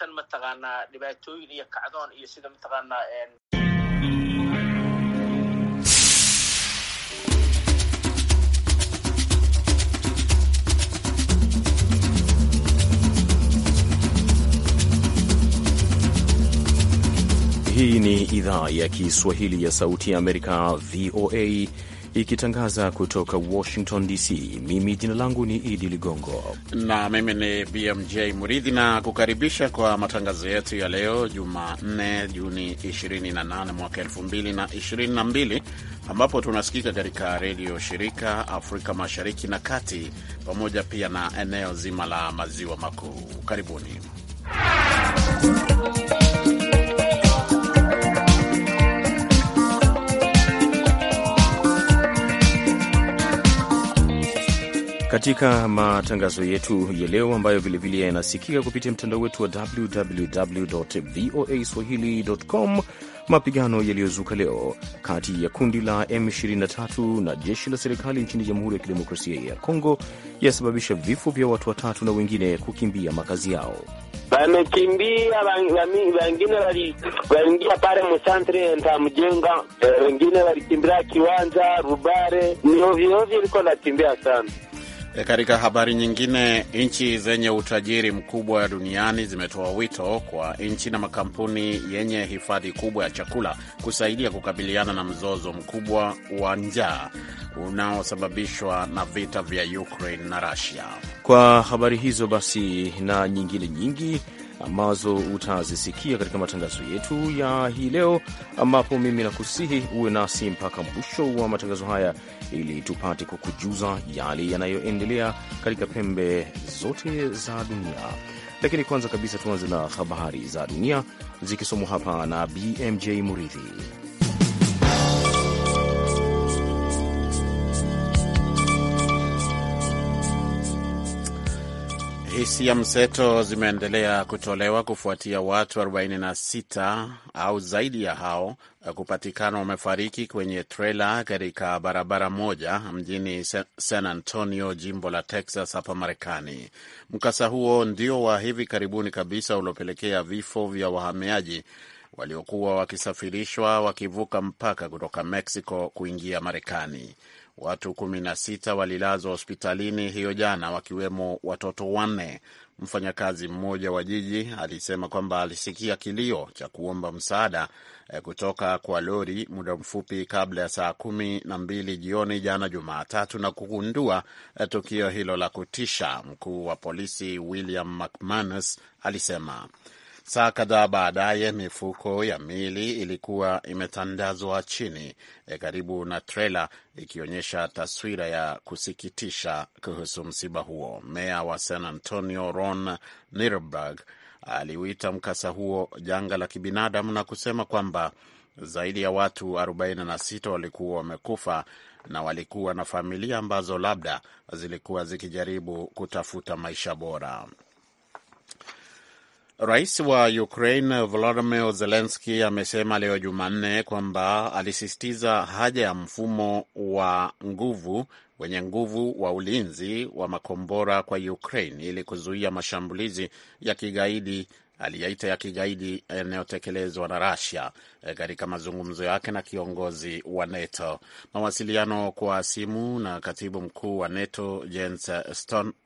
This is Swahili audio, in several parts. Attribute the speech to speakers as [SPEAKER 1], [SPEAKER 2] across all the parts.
[SPEAKER 1] midaysan mataqaanaa dhibaatooyin iyo kacdoon iyo sida mataqaanaa Hii ni idhaa ya Kiswahili ya Sauti ya Amerika, VOA ikitangaza kutoka Washington DC. Mimi jina langu ni Idi Ligongo
[SPEAKER 2] na mimi ni BMJ Muridhi, na kukaribisha kwa matangazo yetu ya leo Jumanne, Juni 28 mwaka 2022, ambapo tunasikika katika redio shirika Afrika Mashariki na Kati, pamoja pia na eneo zima la Maziwa Makuu. Karibuni.
[SPEAKER 1] katika matangazo yetu ya leo ambayo vilevile yanasikika kupitia mtandao wetu wa www voa swahili.com. Mapigano yaliyozuka leo kati ya kundi la M23 na jeshi la serikali nchini Jamhuri ya Kidemokrasia ya Kongo yasababisha vifo vya watu watatu na wengine kukimbia makazi yao.
[SPEAKER 2] Wamekimbia
[SPEAKER 1] wengine waliingia pale msantre Ntamjenga, eh, wengine walikimbia kiwanja Rubare, ni ovyoovyo, nakimbia sana
[SPEAKER 2] E, katika habari nyingine, nchi zenye utajiri mkubwa duniani zimetoa wito kwa nchi na makampuni yenye hifadhi kubwa ya chakula kusaidia kukabiliana na mzozo mkubwa wa njaa unaosababishwa na vita vya Ukraine na Russia.
[SPEAKER 1] Kwa habari hizo basi na nyingine nyingi ambazo utazisikia katika matangazo yetu ya hii leo, ambapo mimi nakusihi uwe nasi mpaka mwisho wa matangazo haya ili tupate kukujuza yale yanayoendelea katika pembe zote za dunia. Lakini kwanza kabisa tuanze na habari za dunia zikisomwa hapa na BMJ Muridhi.
[SPEAKER 2] Hisia mseto zimeendelea kutolewa kufuatia watu 46 au zaidi ya hao kupatikana wamefariki kwenye trela katika barabara moja mjini San Antonio, jimbo la Texas hapa Marekani. Mkasa huo ndio wa hivi karibuni kabisa uliopelekea vifo vya wahamiaji waliokuwa wakisafirishwa wakivuka mpaka kutoka Mexico kuingia Marekani. Watu 16 walilazwa hospitalini hiyo jana, wakiwemo watoto wanne. Mfanyakazi mmoja wa jiji alisema kwamba alisikia kilio cha kuomba msaada eh, kutoka kwa lori muda mfupi kabla ya saa kumi na mbili jioni jana Jumatatu na kugundua eh, tukio hilo la kutisha. Mkuu wa polisi William McManus alisema Saa kadhaa baadaye mifuko ya mili ilikuwa imetandazwa chini e, karibu na trela, ikionyesha taswira ya kusikitisha kuhusu msiba huo. Meya wa San Antonio Ron Nirberg aliuita mkasa huo janga la kibinadamu na kusema kwamba zaidi ya watu 46 walikuwa wamekufa na walikuwa na familia ambazo labda zilikuwa zikijaribu kutafuta maisha bora. Rais wa Ukraine Volodymyr zelenski amesema leo Jumanne kwamba alisisitiza haja ya mfumo wa nguvu wenye nguvu wa ulinzi wa makombora kwa Ukraine ili kuzuia mashambulizi ya kigaidi aliyaita ya kigaidi yanayotekelezwa na Russia eh, katika mazungumzo yake na kiongozi wa NATO. Mawasiliano kwa simu na katibu mkuu wa NATO Jens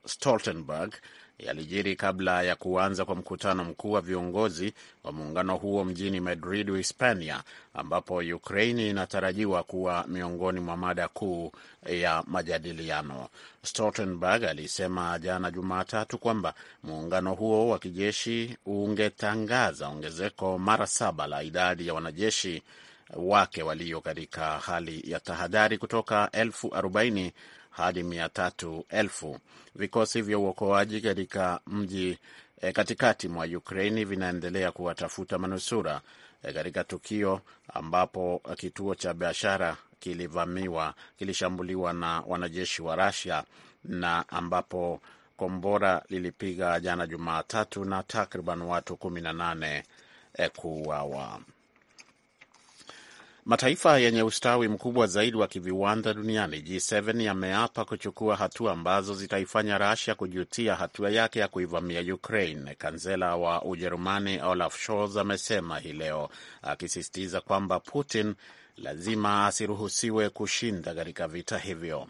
[SPEAKER 2] Stoltenberg yalijiri kabla ya kuanza kwa mkutano mkuu wa viongozi wa muungano huo mjini Madrid, Hispania, ambapo Ukraini inatarajiwa kuwa miongoni mwa mada kuu ya majadiliano. Stoltenberg alisema jana Jumatatu kwamba muungano huo wa kijeshi ungetangaza ongezeko mara saba la idadi ya wanajeshi wake walio katika hali ya tahadhari kutoka elfu arobaini hadi mia tatu elfu. Vikosi vya uokoaji katika mji e, katikati mwa Ukraini vinaendelea kuwatafuta manusura e, katika tukio ambapo eh, kituo cha biashara kilivamiwa, kilishambuliwa na wanajeshi wa Rasia na ambapo kombora lilipiga jana Jumatatu na takriban watu 18 kuuawa. Mataifa yenye ustawi mkubwa zaidi wa kiviwanda duniani G7 yameapa kuchukua hatua ambazo zitaifanya Russia kujutia hatua yake ya kuivamia Ukraine. Kansela wa Ujerumani Olaf Scholz amesema hii leo, akisisitiza kwamba Putin lazima asiruhusiwe kushinda katika vita hivyo.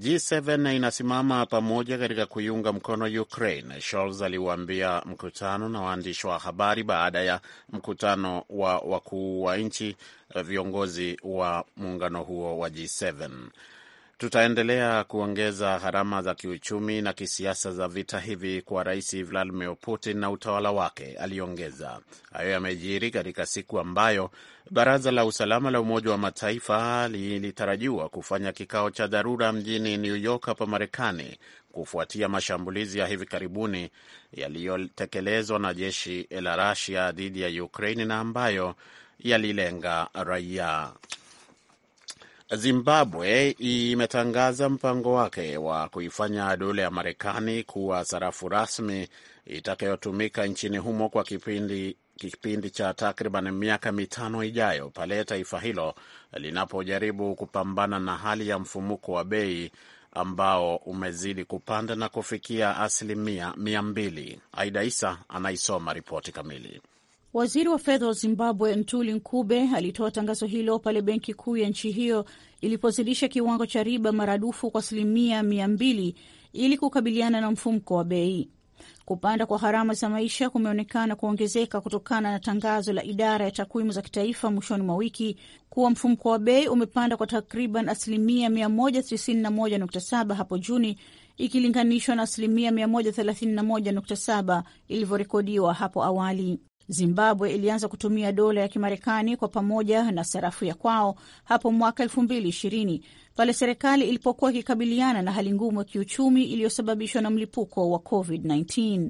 [SPEAKER 2] G7 inasimama pamoja katika kuiunga mkono Ukraine, Scholz aliwaambia mkutano na waandishi wa habari baada ya mkutano wa wakuu wa nchi, eh, viongozi wa muungano huo wa G7. Tutaendelea kuongeza gharama za kiuchumi na kisiasa za vita hivi kwa Rais Vladimir Putin na utawala wake, aliongeza. Hayo yamejiri katika siku ambayo Baraza la Usalama la Umoja wa Mataifa lilitarajiwa kufanya kikao cha dharura mjini New York hapa Marekani kufuatia mashambulizi ya hivi karibuni yaliyotekelezwa na jeshi la rusia dhidi ya ukraini na ambayo yalilenga raia. Zimbabwe imetangaza mpango wake wa kuifanya dola ya Marekani kuwa sarafu rasmi itakayotumika nchini humo kwa kipindi kipindi cha takriban miaka mitano ijayo pale taifa hilo linapojaribu kupambana na hali ya mfumuko wa bei ambao umezidi kupanda na kufikia asilimia mia mbili. Aida Isa anaisoma ripoti kamili.
[SPEAKER 3] Waziri wa fedha wa Zimbabwe Ntuli Nkube alitoa tangazo hilo pale benki kuu ya nchi hiyo ilipozidisha kiwango cha riba maradufu kwa asilimia mia mbili ili kukabiliana na mfumko wa bei. Kupanda kwa gharama za maisha kumeonekana kuongezeka kutokana na tangazo la idara ya takwimu za kitaifa mwishoni mwa wiki kuwa mfumko wa bei umepanda kwa takriban asilimia 191.7 hapo Juni ikilinganishwa na asilimia 131.7 ilivyorekodiwa hapo awali. Zimbabwe ilianza kutumia dola ya Kimarekani kwa pamoja na sarafu ya kwao hapo mwaka ishirini pale serikali ilipokuwa ikikabiliana na hali ngumu ya kiuchumi iliyosababishwa na mlipuko wa COVID-19.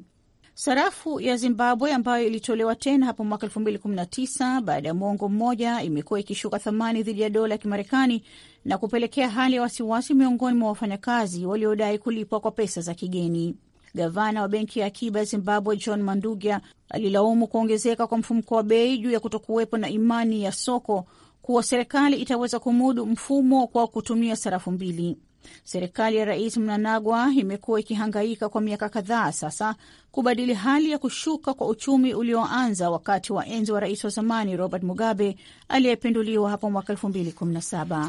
[SPEAKER 3] Sarafu ya Zimbabwe ambayo ilitolewa tena hapo mwaka 2019 baada ya mwongo mmoja imekuwa ikishuka thamani dhidi ya dola ya Kimarekani na kupelekea hali ya wasiwasi miongoni mwa wafanyakazi waliodai kulipwa kwa pesa za kigeni. Gavana wa benki ya akiba ya Zimbabwe John mandugia alilaumu kuongezeka kwa mfumko wa bei juu ya kutokuwepo na imani ya soko kuwa serikali itaweza kumudu mfumo kwa kutumia sarafu mbili. Serikali ya Rais Mnangagwa imekuwa ikihangaika kwa miaka kadhaa sasa kubadili hali ya kushuka kwa uchumi ulioanza wakati wa enzi wa rais wa zamani Robert Mugabe aliyepinduliwa hapo mwaka 2017.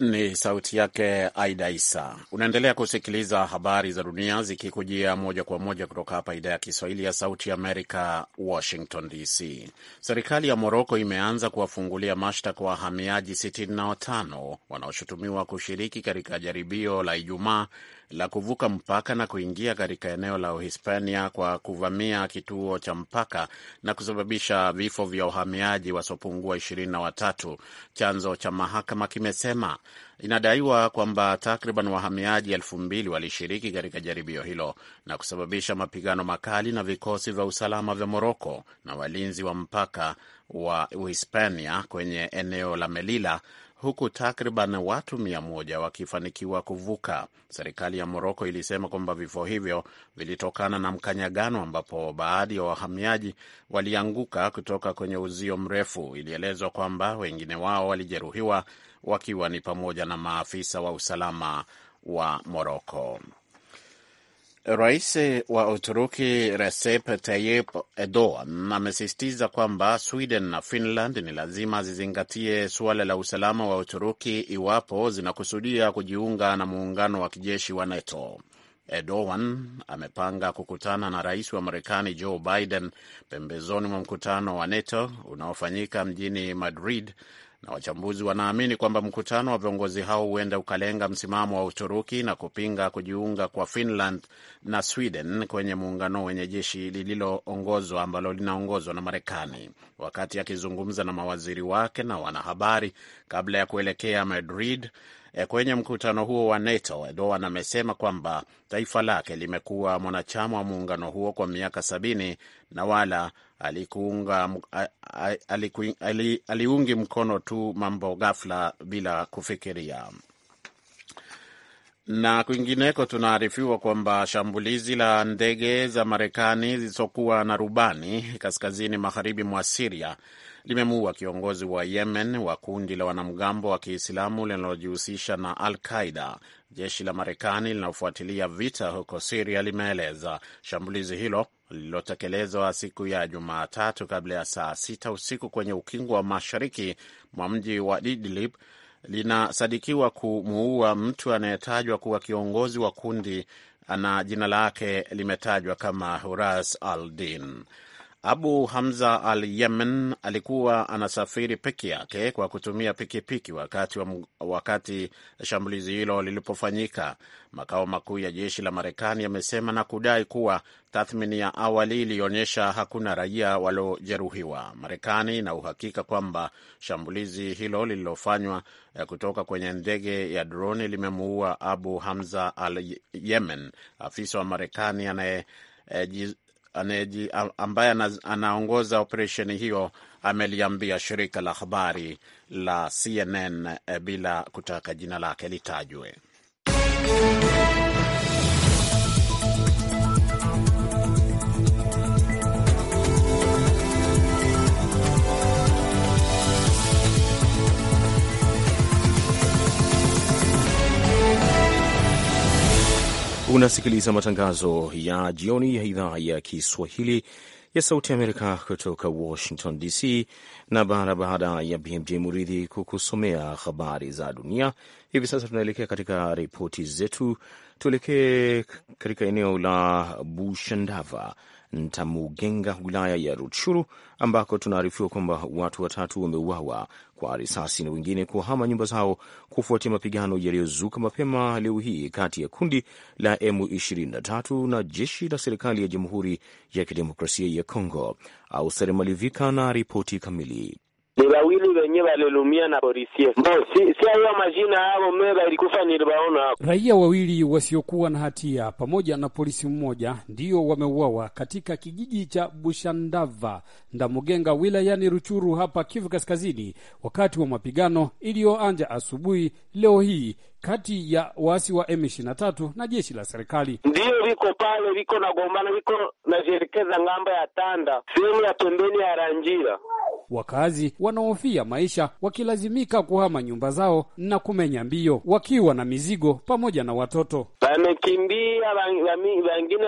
[SPEAKER 2] Ni sauti yake Aida Isa. Unaendelea kusikiliza habari za dunia zikikujia moja kwa moja kutoka hapa idhaa ya Kiswahili ya Sauti ya Amerika, Washington DC. Serikali ya Moroko imeanza kuwafungulia mashtaka wahamiaji 65 wanaoshutumiwa kushiriki katika jaribio la Ijumaa la kuvuka mpaka na kuingia katika eneo la Uhispania kwa kuvamia kituo cha mpaka na kusababisha vifo vya wahamiaji wasiopungua ishirini na watatu, chanzo cha mahakama kimesema. Inadaiwa kwamba takriban wahamiaji elfu mbili walishiriki katika jaribio hilo na kusababisha mapigano makali na vikosi vya usalama vya Moroko na walinzi wa mpaka wa Uhispania kwenye eneo la Melila huku takriban watu mia moja wakifanikiwa kuvuka. Serikali ya Moroko ilisema kwamba vifo hivyo vilitokana na mkanyagano, ambapo baadhi ya wahamiaji walianguka kutoka kwenye uzio mrefu. Ilielezwa kwamba wengine wao walijeruhiwa, wakiwa ni pamoja na maafisa wa usalama wa Moroko. Rais eh, wa Uturuki Recep Tayyip Erdogan amesisitiza kwamba Sweden na Finland ni lazima zizingatie suala la usalama wa Uturuki iwapo zinakusudia kujiunga na muungano wa kijeshi wa NATO. Erdogan amepanga kukutana na rais wa Marekani Joe Biden pembezoni mwa mkutano wa NATO unaofanyika mjini Madrid na wachambuzi wanaamini kwamba mkutano wa viongozi hao huenda ukalenga msimamo wa Uturuki na kupinga kujiunga kwa Finland na Sweden kwenye muungano wenye jeshi lililoongozwa ambalo linaongozwa na Marekani. Wakati akizungumza na mawaziri wake na wanahabari kabla ya kuelekea Madrid, Eh, kwenye mkutano huo wa NATO. Erdogan amesema kwamba taifa lake limekuwa mwanachama wa muungano huo kwa miaka sabini na wala alikuunga, aliku, ali, aliungi mkono tu mambo ghafla bila kufikiria. Na kwingineko, tunaarifiwa kwamba shambulizi la ndege za Marekani zisizokuwa na rubani kaskazini magharibi mwa Siria limemuua kiongozi wa Yemen wa kundi la wanamgambo wa Kiislamu linalojihusisha na Al Qaida. Jeshi la Marekani linalofuatilia vita huko Siria limeeleza shambulizi hilo lililotekelezwa siku ya Jumatatu kabla ya saa sita usiku kwenye ukingo wa mashariki mwa mji wa Idlib linasadikiwa kumuua mtu anayetajwa kuwa kiongozi wa kundi na jina lake limetajwa kama Huras al-Din. Abu Hamza al Yemen alikuwa anasafiri peke yake kwa kutumia pikipiki wakati, wa, wakati shambulizi hilo lilipofanyika, makao makuu ya jeshi la Marekani yamesema na kudai kuwa tathmini ya awali ilionyesha hakuna raia waliojeruhiwa. Marekani ina uhakika kwamba shambulizi hilo lililofanywa eh, kutoka kwenye ndege ya droni limemuua Abu Hamza al Yemen, afisa wa Marekani anaye eh, aneji, ambaye anaongoza operesheni hiyo ameliambia shirika la habari la CNN eh, bila kutaka jina lake litajwe.
[SPEAKER 1] Unasikiliza matangazo ya jioni ya idhaa ya Kiswahili ya Sauti Amerika kutoka Washington DC, na bara baada ya BMJ Muridhi kukusomea habari za dunia. Hivi sasa tunaelekea katika ripoti zetu. Tuelekee katika eneo la Bushandava Ntamugenga, wilaya ya Rutshuru, ambako tunaarifiwa kwamba watu watatu wameuawa kwa risasi na wengine kuhama nyumba zao kufuatia mapigano yaliyozuka mapema leo hii kati ya kundi la M23 na jeshi la serikali ya Jamhuri ya Kidemokrasia ya Kongo. Auser Malivika na ripoti kamili
[SPEAKER 2] ni wawili wenye walilumia na polisi mbo
[SPEAKER 4] si, si ayo majina hao me ilikufa nilibaona hako.
[SPEAKER 5] Raia wawili
[SPEAKER 1] wasiokuwa na
[SPEAKER 5] hatia pamoja na polisi mmoja ndiyo wameuawa katika kijiji cha Bushandava Ndamugenga wilayani Ruchuru hapa Kivu Kaskazini wakati wa mapigano iliyoanja asubuhi leo hii kati ya waasi wa M23 na jeshi la serikali.
[SPEAKER 2] Ndiyo viko pale viko na gombana viko na jerekeza ng'amba ya Tanda sehemu ya
[SPEAKER 4] pembeni ya Ranjira
[SPEAKER 5] wakazi wanaohofia maisha wakilazimika kuhama nyumba zao na kumenya mbio wakiwa na mizigo pamoja na watoto.
[SPEAKER 4] Wamekimbia
[SPEAKER 2] wengine,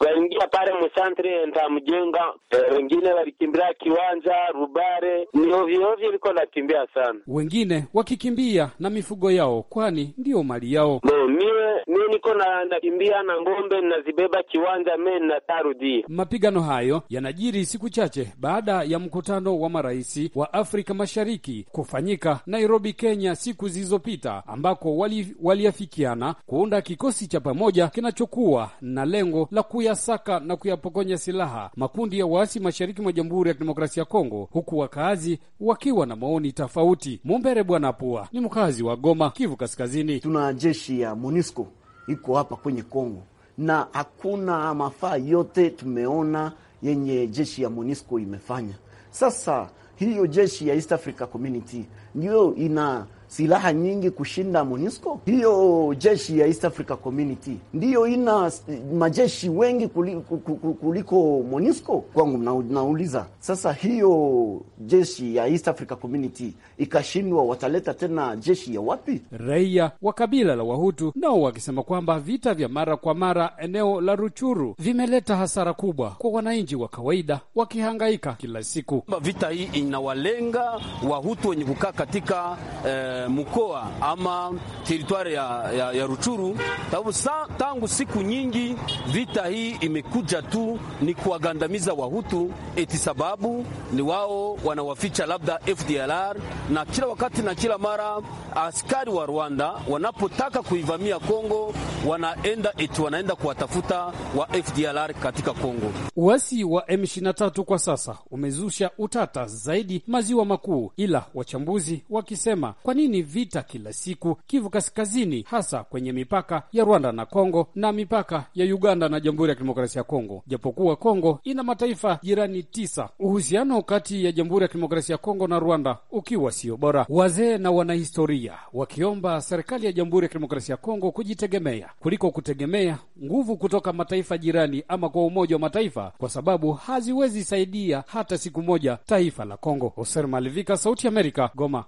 [SPEAKER 2] waliingia pale msantre ntamjenga, eh,
[SPEAKER 4] wengine walikimbia kiwanja Rubare. Ni ovyoovyo liko nakimbia sana,
[SPEAKER 5] wengine wakikimbia na mifugo yao, kwani ndiyo mali yao. Mie
[SPEAKER 4] mie niko na nakimbia na ng'ombe nazibeba kiwanja, me natarudia.
[SPEAKER 5] Mapigano hayo yanajiri siku chache baada ya mkutano wa marais wa Afrika Mashariki kufanyika Nairobi, Kenya siku zilizopita, ambako waliafikiana wali kuunda kikosi cha pamoja kinachokuwa na lengo la kuyasaka na kuyapokonya silaha makundi ya waasi mashariki mwa Jamhuri ya Kidemokrasia ya Kongo, huku wakaazi wakiwa na maoni tofauti. Mumbere Bwana
[SPEAKER 6] Pua ni mkazi wa Goma, Kivu Kaskazini. Tuna jeshi ya MONUSCO iko hapa kwenye Kongo na hakuna mafaa yote tumeona yenye jeshi ya MONUSCO imefanya sasa hiyo jeshi ya East Africa Community ndio ina silaha nyingi kushinda MONUSCO. Hiyo jeshi ya East Africa Community ndiyo ina eh, majeshi wengi kuliko, kuliko MONUSCO. Kwangu nauliza sasa, hiyo jeshi ya East Africa Community ikashindwa, wataleta tena jeshi ya wapi?
[SPEAKER 5] Raia wa kabila la Wahutu nao wakisema kwamba vita vya mara kwa mara eneo la Ruchuru vimeleta hasara kubwa kwa wananchi wa kawaida wakihangaika kila siku. Vita hii inawalenga Wahutu wenye kukaa katika e, mkoa ama teritwari ya, ya, ya Ruchuru, sababu tangu siku nyingi vita hii imekuja tu ni kuwagandamiza Wahutu, eti sababu ni wao wanawaficha labda FDLR, na kila wakati na kila mara askari wa Rwanda wanapotaka kuivamia Kongo wanaenda eti wanaenda kuwatafuta wa FDLR katika Kongo. Uasi wa M23 kwa sasa umezusha utata zaidi maziwa makuu, ila wachambuzi wachambuzi wakisema kwa nini vita kila siku Kivu Kaskazini, hasa kwenye mipaka ya Rwanda na Kongo na mipaka ya Uganda na Jamhuri ya Kidemokrasia ya Kongo, japokuwa Kongo ina mataifa jirani tisa. Uhusiano kati ya Jamhuri ya Kidemokrasia ya Kongo na Rwanda ukiwa sio bora, wazee na wanahistoria wakiomba serikali ya Jamhuri ya Kidemokrasia ya Kongo kujitegemea kuliko kutegemea nguvu kutoka mataifa jirani ama kwa Umoja wa Mataifa, kwa sababu haziwezi saidia hata siku moja taifa la Kongo. Hoser Malivika, Sauti ya Amerika, Goma.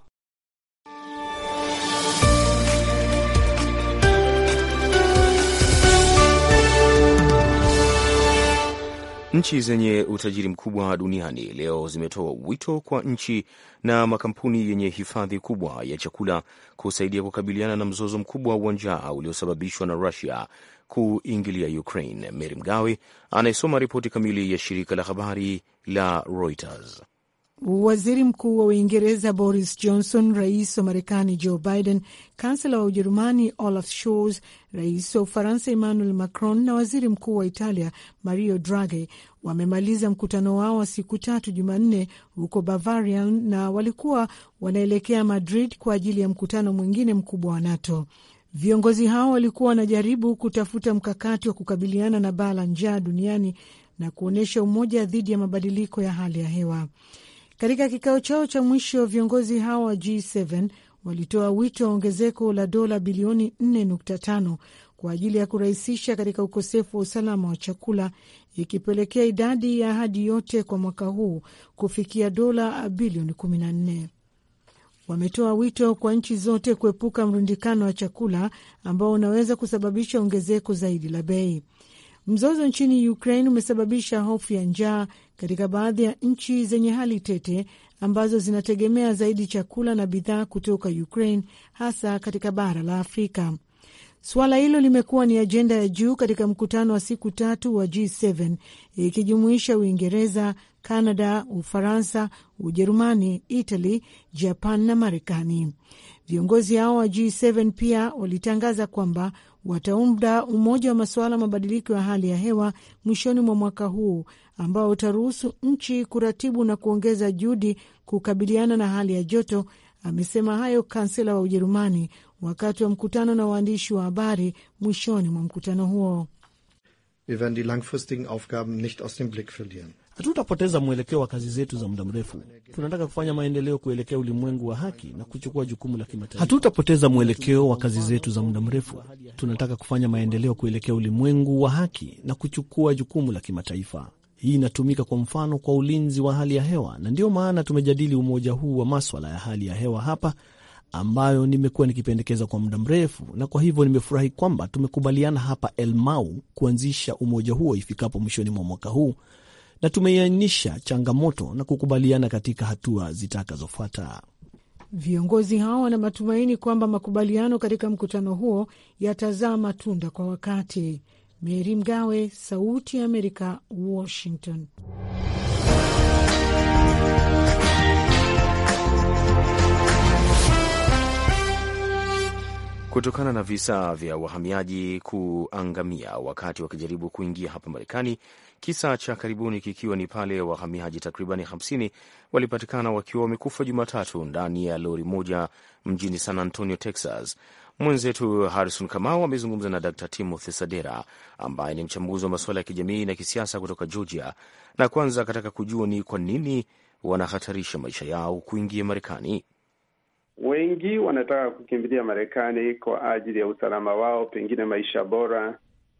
[SPEAKER 1] Nchi zenye utajiri mkubwa duniani leo zimetoa wito kwa nchi na makampuni yenye hifadhi kubwa ya chakula kusaidia kukabiliana na mzozo mkubwa wa njaa uliosababishwa na Rusia kuingilia Ukraine. mary Mgawe anayesoma ripoti kamili ya shirika la habari la Reuters.
[SPEAKER 7] Waziri Mkuu wa Uingereza Boris Johnson, rais wa Marekani Joe Biden, kansela wa Ujerumani Olaf Scholz, rais wa Ufaransa Emmanuel Macron na waziri mkuu wa Italia Mario Draghi wamemaliza mkutano wao wa siku tatu Jumanne huko Bavaria na walikuwa wanaelekea Madrid kwa ajili ya mkutano mwingine mkubwa wa NATO. Viongozi hao walikuwa wanajaribu kutafuta mkakati wa kukabiliana na baa la njaa duniani na kuonyesha umoja dhidi ya mabadiliko ya hali ya hewa. Katika kikao chao cha mwisho, viongozi hawa wa G7 walitoa wito wa ongezeko la dola bilioni 4.5 kwa ajili ya kurahisisha katika ukosefu wa usalama wa chakula, ikipelekea idadi ya ahadi yote kwa mwaka huu kufikia dola bilioni 14. Wametoa wito kwa nchi zote kuepuka mrundikano wa chakula ambao unaweza kusababisha ongezeko zaidi la bei. Mzozo nchini Ukraine umesababisha hofu ya njaa katika baadhi ya nchi zenye hali tete ambazo zinategemea zaidi chakula na bidhaa kutoka Ukraine, hasa katika bara la Afrika. Suala hilo limekuwa ni ajenda ya juu katika mkutano wa siku tatu wa G7 ikijumuisha Uingereza, canada Ufaransa, Ujerumani, Italy, Japan na Marekani. Viongozi hao wa G7 pia walitangaza kwamba wataunda umoja wa masuala mabadiliko ya hali ya hewa mwishoni mwa mwaka huu ambao utaruhusu nchi kuratibu na kuongeza juhudi kukabiliana na hali ya joto. Amesema hayo kansela wa Ujerumani wakati wa mkutano na waandishi wa habari mwishoni mwa mkutano huo.
[SPEAKER 6] Wir werden die langfristigen Aufgaben nicht aus dem Blick verlieren. Hatutapoteza mwelekeo wa kazi zetu za muda mrefu. Tunataka kufanya maendeleo kuelekea ulimwengu wa haki na kuchukua jukumu la kimataifa. Hatutapoteza mwelekeo wa kazi zetu za muda mrefu. Tunataka kufanya maendeleo kuelekea ulimwengu wa haki na kuchukua jukumu la kimataifa. Hii inatumika kwa mfano kwa ulinzi wa hali ya hewa, na ndiyo maana tumejadili umoja huu wa maswala ya hali ya hewa hapa, ambayo nimekuwa nikipendekeza kwa muda mrefu, na kwa hivyo nimefurahi kwamba tumekubaliana hapa Elmau kuanzisha umoja huo ifikapo mwishoni mwa mwaka huu na tumeainisha changamoto na kukubaliana katika hatua zitakazofuata.
[SPEAKER 7] Viongozi hao wana matumaini kwamba makubaliano katika mkutano huo yatazaa matunda kwa wakati. Meri Mgawe, Sauti ya Amerika, Washington.
[SPEAKER 1] kutokana na visa vya wahamiaji kuangamia wakati wakijaribu kuingia hapa Marekani, kisa cha karibuni kikiwa ni pale wahamiaji takriban 50 walipatikana wakiwa wamekufa Jumatatu ndani ya lori moja mjini San Antonio, Texas. Mwenzetu Harrison Kamau amezungumza na Dr Timothy Sadera ambaye ni mchambuzi wa masuala ya kijamii na kisiasa kutoka Georgia, na kwanza akataka kujua ni kwa nini wanahatarisha maisha yao kuingia Marekani.
[SPEAKER 4] Wengi wanataka kukimbilia Marekani kwa ajili ya usalama wao, pengine maisha bora,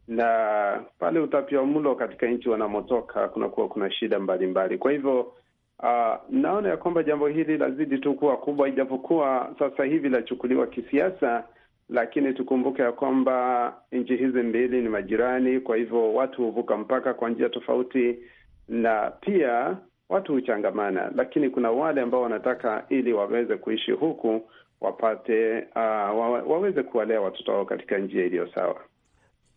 [SPEAKER 4] na pale utapiamlo katika nchi wanamotoka kunakuwa kuna shida mbalimbali mbali. Kwa hivyo Uh, naona ya kwamba jambo hili lazidi tu kuwa kubwa, ijapokuwa sasa hivi lachukuliwa kisiasa, lakini tukumbuke ya kwamba nchi hizi mbili ni majirani. Kwa hivyo watu huvuka mpaka kwa njia tofauti, na pia watu huchangamana, lakini kuna wale ambao wanataka ili waweze kuishi huku wapate uh, waweze kuwalea watoto wao katika njia iliyo sawa.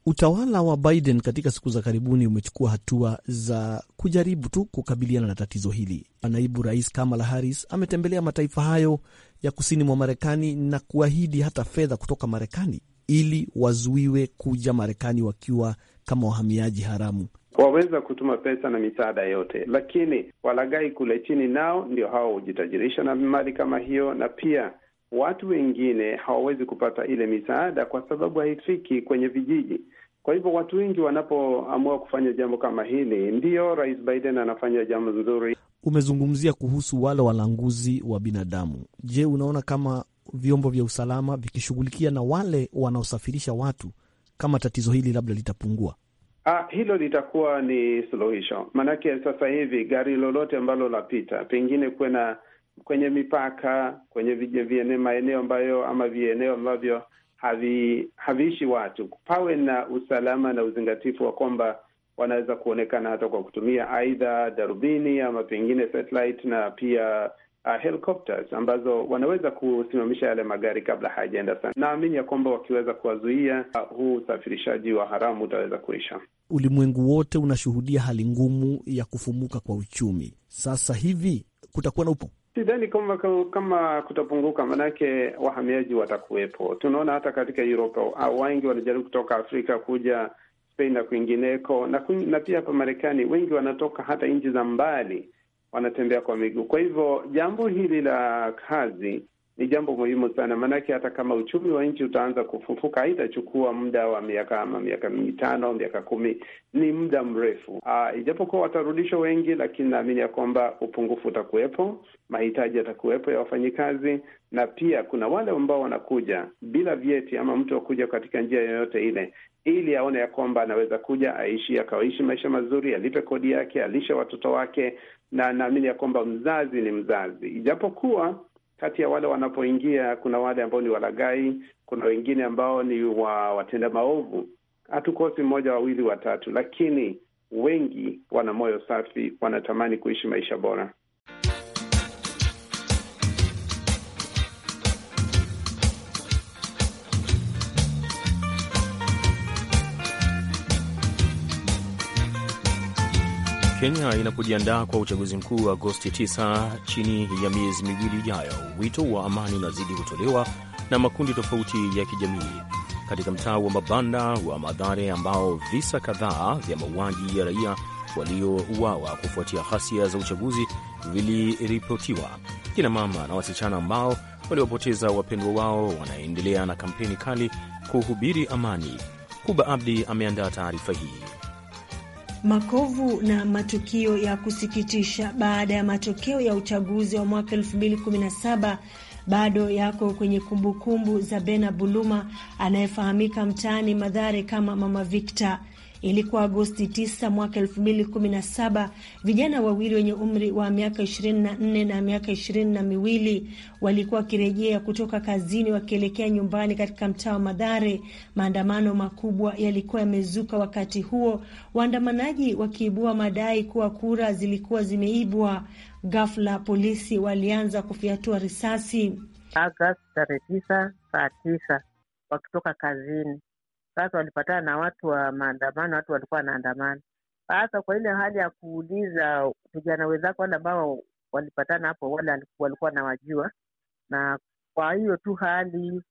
[SPEAKER 6] Utawala wa Biden katika siku za karibuni umechukua hatua za kujaribu tu kukabiliana na tatizo hili. Naibu Rais Kamala Harris ametembelea mataifa hayo ya kusini mwa Marekani na kuahidi hata fedha kutoka Marekani ili wazuiwe kuja Marekani wakiwa kama wahamiaji haramu
[SPEAKER 4] waweza kutuma pesa na misaada yote, lakini walaghai kule chini nao ndio hao hujitajirisha na mali kama hiyo, na pia watu wengine hawawezi kupata ile misaada kwa sababu haifiki kwenye vijiji. Kwa hivyo watu wengi wanapoamua kufanya jambo kama hili, ndiyo Rais Biden anafanya jambo nzuri.
[SPEAKER 6] Umezungumzia kuhusu wale walanguzi wa binadamu. Je, unaona kama vyombo vya usalama vikishughulikia na wale wanaosafirisha watu, kama tatizo hili labda litapungua?
[SPEAKER 4] Ah, hilo litakuwa ni suluhisho, maanake sasa hivi gari lolote ambalo lapita pengine kwena kwenye mipaka kwenye vijene, maeneo ambayo ama vieneo ambavyo havi, haviishi watu, pawe na usalama na uzingatifu wa kwamba wanaweza kuonekana hata kwa kutumia aidha darubini ama pengine satellite na pia uh, helicopters ambazo wanaweza kusimamisha yale magari kabla hayajaenda sana. Naamini ya kwamba wakiweza kuwazuia, uh, huu usafirishaji wa haramu utaweza kuisha
[SPEAKER 6] ulimwengu wote unashuhudia hali ngumu ya kufumuka kwa uchumi. Sasa hivi kutakuwa na upo
[SPEAKER 4] Sidhani kama kama kutapunguka, maanake wahamiaji watakuwepo. Tunaona hata katika Uropa ah, wengi wanajaribu kutoka Afrika kuja Spain na kwingineko, na, na pia hapa Marekani wengi wanatoka hata nchi za mbali, wanatembea kwa miguu. Kwa hivyo jambo hili la kazi ni jambo muhimu sana, maanake hata kama uchumi wa nchi utaanza kufufuka haitachukua muda wa miaka ama miaka mitano, miaka kumi, ni muda mrefu. Ah, ijapokuwa watarudishwa wengi, lakini naamini ya kwamba upungufu utakuwepo, mahitaji yatakuwepo ya wafanyikazi, na pia kuna wale ambao wanakuja bila vyeti ama mtu akuja katika njia yoyote ile ili aone ya kwamba anaweza kuja aishi akaishi maisha mazuri, alipe kodi yake, alishe watoto wake, na naamini ya kwamba mzazi ni mzazi, ijapokuwa kati ya wale wanapoingia, kuna wale ambao ni walagai kuna wengine ambao ni wa watenda maovu, hatukosi mmoja, wawili, watatu, lakini wengi wana moyo safi, wanatamani kuishi maisha bora.
[SPEAKER 1] Kenya inapojiandaa kwa uchaguzi mkuu Agosti 9 chini ya miezi miwili ijayo, wito wa amani unazidi kutolewa na makundi tofauti ya kijamii katika mtaa wa mabanda wa Madhare ambao visa kadhaa vya mauaji ya raia waliouawa kufuatia ghasia za uchaguzi viliripotiwa. Kina mama na wasichana ambao waliwapoteza wapendwa wao wanaendelea na kampeni kali kuhubiri amani. Kuba Abdi ameandaa taarifa hii
[SPEAKER 8] makovu na matukio ya kusikitisha baada ya matokeo ya uchaguzi wa mwaka 2017 bado yako kwenye kumbukumbu za Bena Buluma anayefahamika mtaani Madhare kama Mama Victor. Ilikuwa Agosti 9 mwaka 2017. Vijana wawili wenye umri wa miaka 24 na miaka ishirini na miwili walikuwa wakirejea kutoka kazini wakielekea nyumbani katika mtaa wa Madhare. Maandamano makubwa yalikuwa yamezuka wakati huo, waandamanaji wakiibua madai kuwa kura zilikuwa zimeibwa. Ghafla polisi walianza kufyatua risasi. Agosti tarehe
[SPEAKER 9] 9 saa 9 wakitoka kazini sasa walipatana na watu wa maandamano, watu walikuwa wanaandamana. Sasa kwa ile hali ya kuuliza vijana wenzako wale ambao walipatana hapo, wale walikuwa nawajua, na kwa hiyo tu hali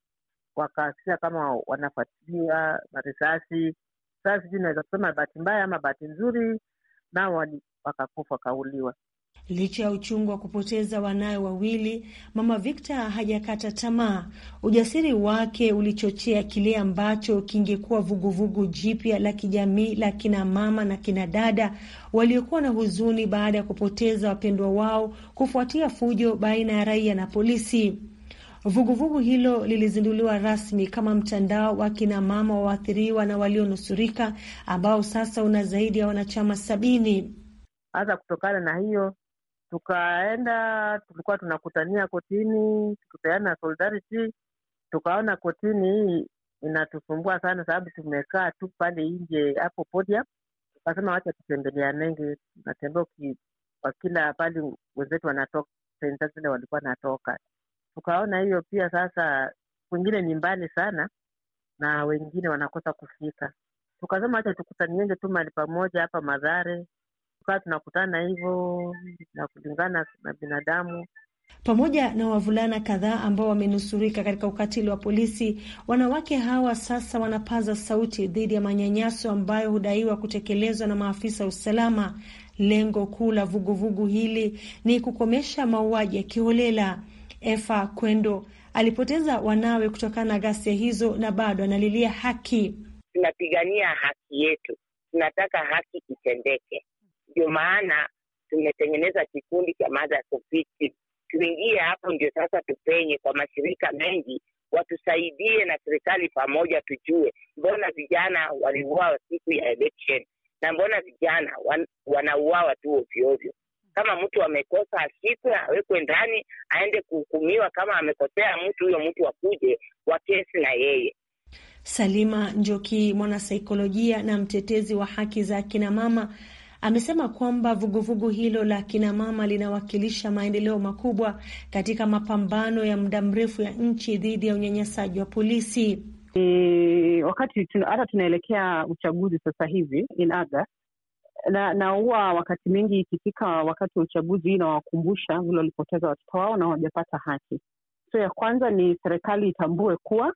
[SPEAKER 9] wakasikia kama wanafuatiliwa marisasi. Sasa
[SPEAKER 8] sijui naweza kusema bahati mbaya ama bahati nzuri, nao wakakufa wakauliwa. Licha ya uchungu wa kupoteza wanawe wawili, mama Victor hajakata tamaa. Ujasiri wake ulichochea kile ambacho kingekuwa vuguvugu jipya la kijamii la kina mama na kina dada waliokuwa na huzuni baada ya kupoteza wapendwa wao kufuatia fujo baina ya raia na polisi. Vuguvugu hilo lilizinduliwa rasmi kama mtandao wa kinamama waathiriwa na walionusurika ambao sasa una zaidi ya wanachama sabini. Hasa kutokana na hiyo
[SPEAKER 9] tukaenda, tulikuwa tunakutania kotini tukipeana solidarity. Tukaona kotini hii inatusumbua sana, sababu tumekaa tu pale nje hapo podium. Tukasema wacha tutembelea tutembeleanenge, natembea kwa kila pali wenzetu wanatoka senta zile walikuwa natoka. Tukaona hiyo pia sasa, wengine ni mbali sana na wengine wanakosa kufika. Tukasema wacha tukutanienge tu mali pamoja hapa Madhare tukawa tunakutana hivyo na kulingana na binadamu
[SPEAKER 8] pamoja na wavulana kadhaa ambao wamenusurika katika ukatili wa polisi, wanawake hawa sasa wanapaza sauti dhidi ya manyanyaso ambayo hudaiwa kutekelezwa na maafisa wa usalama. Lengo kuu la vuguvugu hili ni kukomesha mauaji ya kiholela. Efa Kwendo alipoteza wanawe kutokana na ghasia hizo na bado analilia haki. Tunapigania haki
[SPEAKER 9] yetu, tunataka haki itendeke. Ndio maana tumetengeneza kikundi cha madha for Tuingie hapo, ndio sasa tupenye kwa mashirika mengi watusaidie na serikali pamoja, tujue mbona vijana waliuawa siku ya election na mbona vijana wan, wanauawa tu ovyoovyo. Kama mtu amekosa asikwe awekwe ndani, aende kuhukumiwa. Kama amekosea mtu, huyo mtu akuje wa kesi na yeye.
[SPEAKER 8] Salima Njoki, mwanasaikolojia na mtetezi wa haki za kinamama amesema kwamba vuguvugu hilo la kinamama linawakilisha maendeleo makubwa katika mapambano ya muda mrefu ya nchi dhidi ya unyanyasaji wa polisi.
[SPEAKER 9] E, wakati hata tunaelekea uchaguzi sasa hivi in August na na huwa wakati mwingi ikifika wakati wa uchaguzi inawakumbusha vile walipoteza watoto wao na hawajapata haki. So ya kwanza ni serikali itambue kuwa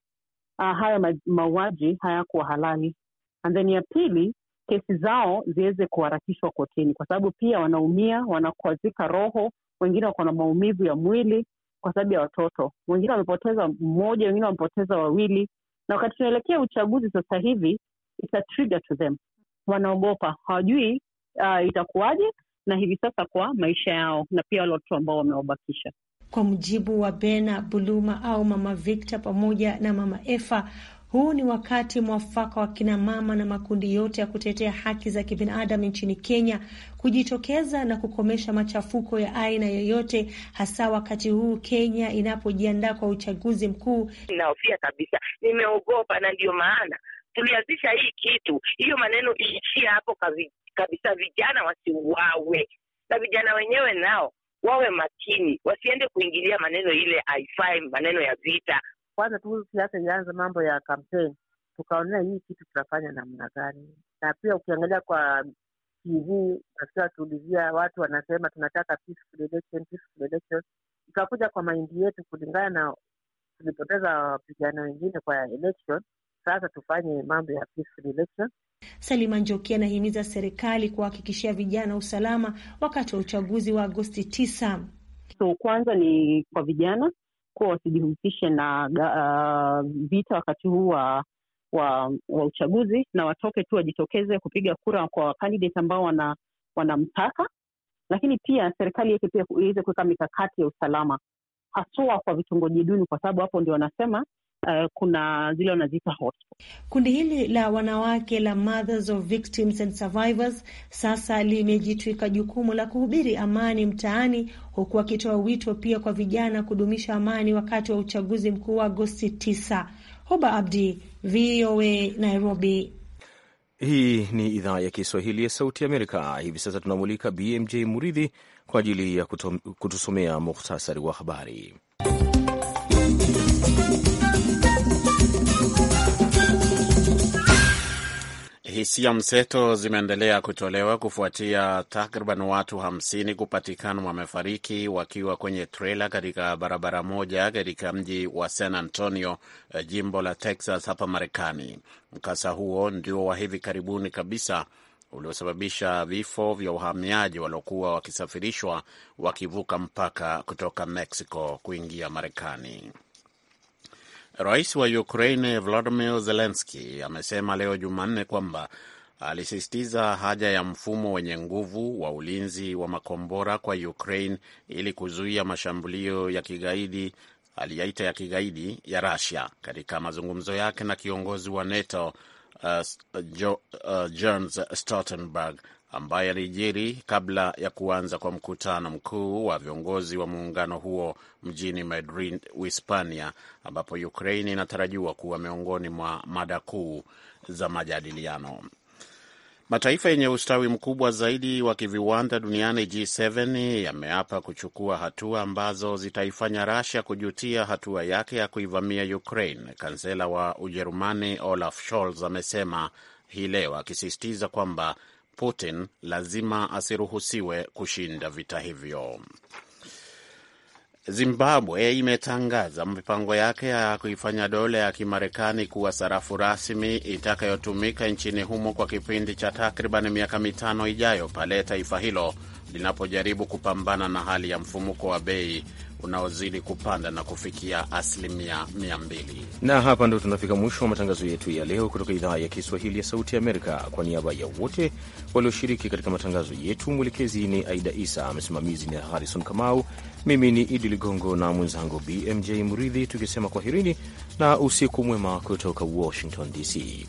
[SPEAKER 9] uh, haya mauaji hayakuwa halali, and then ya pili kesi zao ziweze kuharakishwa kotini, kwa sababu pia wanaumia, wanakwazika roho, wengine wako na maumivu ya mwili kwa sababu ya watoto, wengine wamepoteza mmoja, wengine wamepoteza wawili, na wakati tunaelekea uchaguzi sasa hivi, it's a trigger to them. Wanaogopa, hawajui uh, itakuwaje na hivi sasa kwa maisha yao na pia wale watoto ambao wamewabakisha.
[SPEAKER 8] Kwa mujibu wa Bena Buluma au Mama victa pamoja na Mama Efa, huu ni wakati mwafaka wa kinamama na makundi yote ya kutetea haki za kibinadamu nchini Kenya kujitokeza na kukomesha machafuko ya aina yoyote, hasa wakati huu Kenya inapojiandaa kwa uchaguzi mkuu.
[SPEAKER 9] inaofia kabisa, nimeogopa, na ndiyo maana tulianzisha hii kitu. Hiyo maneno iishia hapo kabisa, vijana wasiuawe, na vijana wenyewe nao wawe makini, wasiende kuingilia maneno ile haifai, maneno ya vita, kwanza tu siasa ilianza mambo ya kampeni, tukaonea hii kitu tutafanya namna gani. Na pia ukiangalia kwa TV nasikia wakiulizia watu wanasema tunataka peaceful election, peaceful election. Ikakuja kwa maindi yetu kulingana na tulipoteza wapigana wengine kwa election, sasa tufanye mambo ya peaceful election.
[SPEAKER 8] Salima Njoki anahimiza serikali kuwahakikishia vijana usalama wakati wa uchaguzi wa Agosti tisa.
[SPEAKER 9] So kwanza ni kwa vijana kuwa wasijihusishe na uh, vita wakati huu wa wa, wa uchaguzi na watoke tu wajitokeze kupiga kura kwa kandidate ambao wana, wanamtaka, lakini pia serikali yake pia iweze kuweka mikakati ya usalama haswa kwa vitongoji duni, kwa sababu hapo ndio wanasema Eh, kuna zile wanaziita hotspot.
[SPEAKER 8] Kundi hili la wanawake la Mothers of Victims and Survivors sasa limejitwika jukumu la kuhubiri amani mtaani, huku wakitoa wito pia kwa vijana kudumisha amani wakati wa uchaguzi mkuu wa Agosti 9. Hoba Abdi, VOA Nairobi.
[SPEAKER 1] Hii ni idhaa ya Kiswahili ya Sauti Amerika. Hivi sasa tunamulika BMJ Muridhi kwa ajili ya kutusomea muhtasari wa habari.
[SPEAKER 2] Hisia mseto zimeendelea kutolewa kufuatia takriban watu hamsini kupatikana wamefariki wakiwa kwenye trela katika barabara moja katika mji wa San Antonio, eh, jimbo la Texas hapa Marekani. Mkasa huo ndio wa hivi karibuni kabisa uliosababisha vifo vya wahamiaji waliokuwa wakisafirishwa wakivuka mpaka kutoka Mexico kuingia Marekani. Rais wa Ukraine Volodymyr Zelensky amesema leo Jumanne kwamba alisisitiza haja ya mfumo wenye nguvu wa ulinzi wa makombora kwa Ukraine ili kuzuia mashambulio ya kigaidi aliyaita ya kigaidi ya Russia katika mazungumzo yake na kiongozi wa NATO uh, uh, Jens Stoltenberg ambaye alijiri kabla ya kuanza kwa mkutano mkuu wa viongozi wa muungano huo mjini Madrid, Uhispania, ambapo Ukraine inatarajiwa kuwa miongoni mwa mada kuu za majadiliano. Mataifa yenye ustawi mkubwa zaidi wa kiviwanda duniani G7 yameapa kuchukua hatua ambazo zitaifanya Russia kujutia hatua yake ya kuivamia Ukraine. Kansela wa Ujerumani Olaf Scholz amesema hii leo akisisitiza kwamba Putin lazima asiruhusiwe kushinda vita hivyo. Zimbabwe imetangaza mipango yake ya kuifanya dola ya Kimarekani kuwa sarafu rasmi itakayotumika nchini humo kwa kipindi cha takriban miaka mitano ijayo pale taifa hilo linapojaribu kupambana na hali ya mfumuko wa bei unaozidi kupanda na kufikia asilimia 200.
[SPEAKER 1] Na hapa ndo tunafika mwisho wa matangazo yetu ya leo kutoka idhaa ya Kiswahili ya Sauti Amerika. Kwa niaba ya wote walioshiriki katika matangazo yetu, mwelekezi ni Aida Isa, msimamizi ni Harrison Kamau, mimi ni Idi Ligongo na mwenzangu BMJ Mridhi, tukisema kwaherini na usiku mwema kutoka Washington DC.